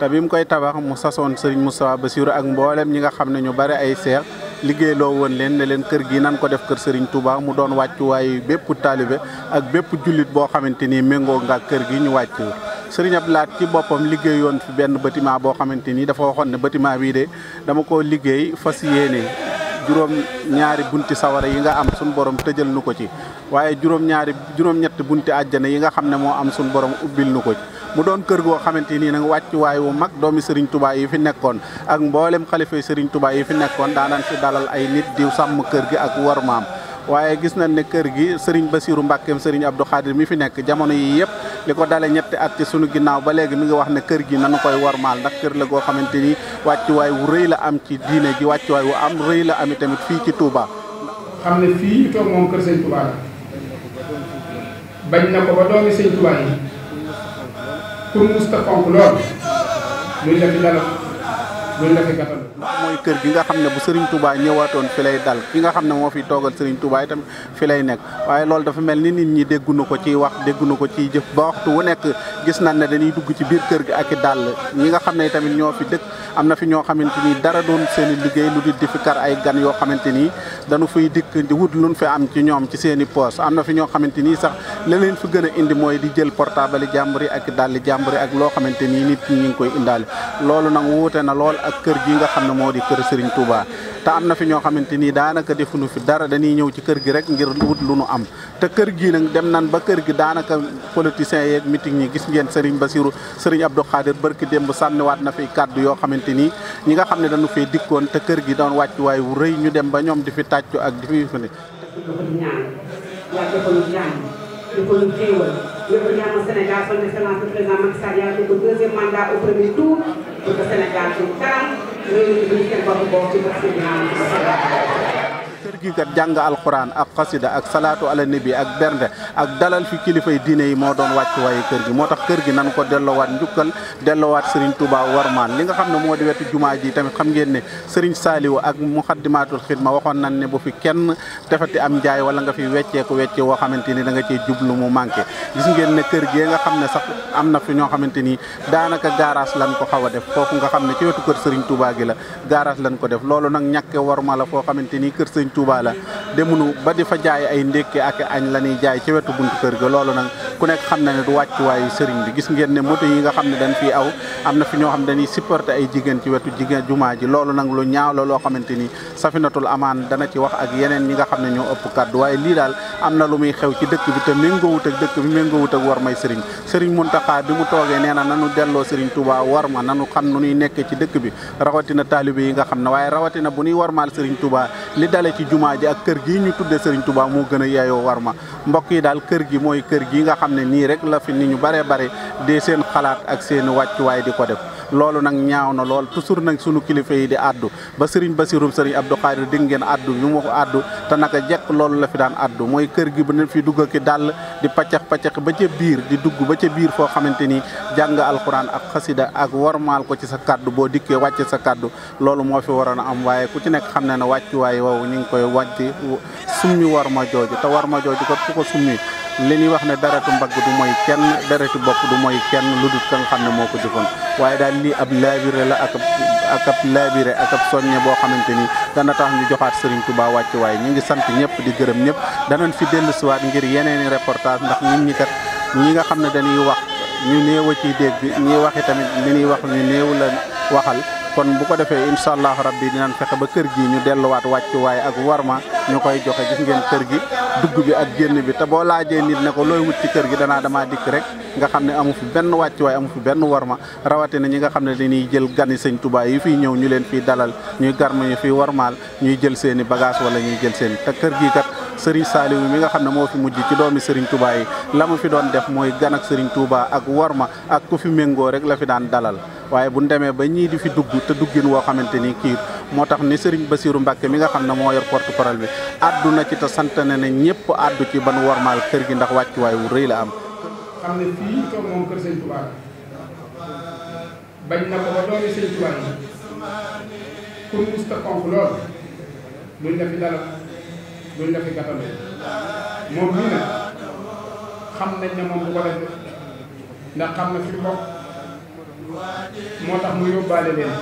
te bi mu koy tabax mu sasoon Serigne Moustapha Bassirou ak mboolem ñi nga xam ne ñu bari ay seex liggéey loo woon leen ne leen kër gi nan ko def kër Serigne Touba mu doon wàccuwaayu bépp taalibe ak bépp jullit boo xamante ni méngoo nga kër gi ñu wàcc Serigne laat Lahat ci boppam liggéeyoon fi benn bâtiment boo xamante ni dafa waxoon ne bâtiment bii de dama ko liggéey fas yéene juróom ñaari bunti sawara yi nga am suñu borom tëjal nu ko ci waaye juróom ñaari juróom àjjana yi nga xam ne moo am suñu borom ubbil nu ko mu doon kër goo xamante nii nag wàccuwaay wu mag doomi Serigne Touba yi fi nekkoon ak mboolem xalifay Serigne Touba yi fi nekkoon daanañ fi dalal ay nit di sàmm kër gi ak wormaam waaye gis nañ ne kër gi Serigne Bassirou Mbackeem Serigne Abdou Khadir mi fi nekk jamono yii yëpp li ko dale ñetti at ci suñu ginnaaw ba léegi mi ngi wax ne kër gi nanu koy warmaal ndax kër la goo xamante ni wàccuwaay wu rëy la am ci diine ji wàccuwaay wu am rëy la am tamit fii ci Touba. mooy kër gi nga xam ne bu sëriñ Touba ñëwaatoon fi lay dal fi nga xam ne moo fi toogal Serigne Touba itam fi lay nekk waaye loolu dafa mel ni nit ñi déggunu ko ci wax déggunu ko ci jëf ba waxtu wu nekk gis nañ ne dañuy dugg ci biir kër gi ak i dàll ñi nga xam ne tamit ñoo fi dëkk am na fi ñoo xamante ni dara doon seeni liggéey lu di di fi kar ay gan yoo xamante ni dañu fiy dikk di fi am ci ñoom ci seen i poos am na fi ñoo xamante ni sax la fi gën a indi mooy di jël portable jàmbur yi ak dàlli jàmbur yi ak loo xamante ni nit ñi ngi koy indaal loolu nag wuute na lool ak kër gi nga xam ne moo di kër Serigne Touba te am na fi ñoo xamante ni daanaka defuñu fi dara dañuy ñëw ci kër gi rek ngir wut lu nu am te kër gi nag dem nan ba kër gi daanaka politiciens yeeg meeting ñi gis ngeen sëriñ Bassirou Serigne Abdou Khadir barki démb sànniwaat na fi kàddu yoo xamante ni ñi nga xam ne dañu fee dikkoon te kër gi doon wàccu waay wu rëy ñu dem ba ñoom di fi tàccu ak di fi fi ne Ele tem uma boca no final. kër gi kat jàng alxuraan ak xasida ak salaatu ala ak bernde ak dalal fi kilifay diine yi moo doon wàcc waaye kër gi moo tax kër gi nan ko delloowaat njukkal delloowaat Serigne Touba warmaan li nga xam ne moo di wetu jumaa ji tamit xam ngeen ne Serigne Saliou ak muxaddimaatul xidma waxoon nañ ne bu fi kenn defati am njaay wala nga fi wecceeku wecce woo xamante ni da cee jublu mu manqué gis ngeen ne kër gi nga xam ne sax am na fi ñoo xamante ni daanaka garage lan ko xaw a def foofu nga xam ne ci wetu kër Serigne Touba gi la garage lan ko la foo xamante Touba la demunu ba di fa jaay ay ndékki ak añ la ñuy jaay ci wetu buntu kër ga loolu nag ku nekk xam na ne du wàccuwaayu sëriñ bi gis ngeen ne moto yi nga xam ne dañ fi aw am na fi ñoo xam ne dañuy supporter ay jigéen ci wetu jigéen jumaa ji loolu nag lu ñaaw la loo xamante ni safinatul amaan dana ci wax ak yeneen ñi nga xam ne ñoo ëpp kàddu waaye lii daal am na lu muy xew ci dëkk bi te méngoowut ak dëkk bi méngoowut ak war may sëriñ sëriñ Muntaxa bi mu toogee nee na nanu delloo sëriñ Touba war ma nanu xam nu ñuy nekk ci dëkk bi rawatina taalibe yi nga jumaa ji ak kër gi ñu tuddee Serigne Touba moo gën a yaayoo war ma mbokk yi daal kër gi mooy kër gi nga xam ne nii rek la ni ñu bare bare dee seen xalaat ak seen wàccuwaay di ko def loolu nag ñaaw na lool toujours nag sunu kilifa yi di àddu ba sëriñ Basirum sëriñ Abdou Khadir dégg ngeen àddu bi mu wax addu te naka jekk loolu la fi daan addu mooy kër gi ba ne fi dugg ki dàll di paccax paccax ba ca biir di dugg ba ca biir foo xamante ni jàng alxuraan ak xasida ak warmaal ko ci sa kàddu boo dikkee wàcce sa kàddu loolu moo fi waroon a am waaye ku ci nekk xam na ne wàccuwaay woowu ñu ngi koy wàcc summi war ma jooju te war ma jooju ko ku ko summi li ñuy wax ne deretu mbagg du mooy kenn deretu bokk du mooy kenn lu dul ka nga xam ne moo ko jëfoon waaye daal lii ab laabire la ak ak ab laabire ak ab soññe boo xamante ni dana tax ñu joxaat Serigne Touba wàcc waaye ñu ngi sant ñëpp di gërëm ñëpp danañ fi dellu siwaat ngir yeneeni reportage ndax ñun ñi kat ñi nga xam ne dañuy wax ñu néew ci ciy bi ñuy waxi tamit li ñuy wax ñu néew la waxal kon bu ko defee incha allah rabbi dinañ fexe ba kër gi ñu delluwaat wàcc wàccuwaay ak warma ñu koy joxe gis ngeen kër gi dugg bi ak génn bi te boo laajee nit ne ko looy wut ci kër gi danaa damaa dikk rek nga xam ne amu fi benn wàccuwaay amu fi benn ma rawatina ñi nga xam ne dañuy jël gani sëñ Tuubaa yi fii ñëw ñu leen fii dalal ñuy garma ñu fii warmaal ñuy jël seeni bagage wala ñuy jël seeni te kër gii kat Sëriñ Saaliwu mi nga xam ne moo fi mujj ci doomi Sëriñ Tuubaa yi la mu fi doon def mooy gan Sëriñ Tuubaa ak warma ak ku fi méngoo rek la fi daan dalal waaye bu ñu demee ba ñii di fi dugg te duggin woo xamante ni kii moo tax ni sëriñ Bassirou Mbacke mi nga xam ne moo yor na ci te sant na ne ñëpp addu ci ban wormaal kër gi ndax wàccuwaay wu rëy la am. moom ko ko defee ndax xam na fi bokk. moo tax mu yóbbaale leen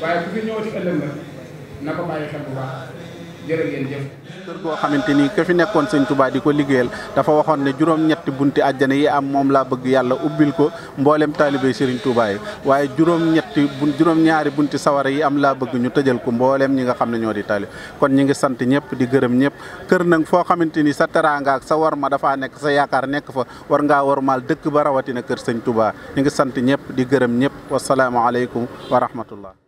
waaye bu fi ñëwati ëllëg na ko bàyyi xel bu jërë ngeen xamante ni ka fi nekkoon sëñ Touba di ko liggéeyal dafa waxoon ne juróom-ñetti bunti àjjana yi am moom laa bëgg yàlla ubbil ko mboolem taalibe Serigne Touba yi waaye juróom-ñetti bun juróom-ñaari bunti sawara yi am laa bëgg ñu tëjal ko mbooleem ñi nga xam ne ñoo di taalib kon ñi ngi sant ñëpp di gërëm ñëpp kër nag foo xamante ni sa teraanga ak sa war ma dafaa nekk sa yaakaar nekk fa war ngaa warmaal dëkk ba rawatina kër sañ Touba ñi ngi sant ñëpp di gërëm ñëpp wasalaamualeykum wa rahmatullah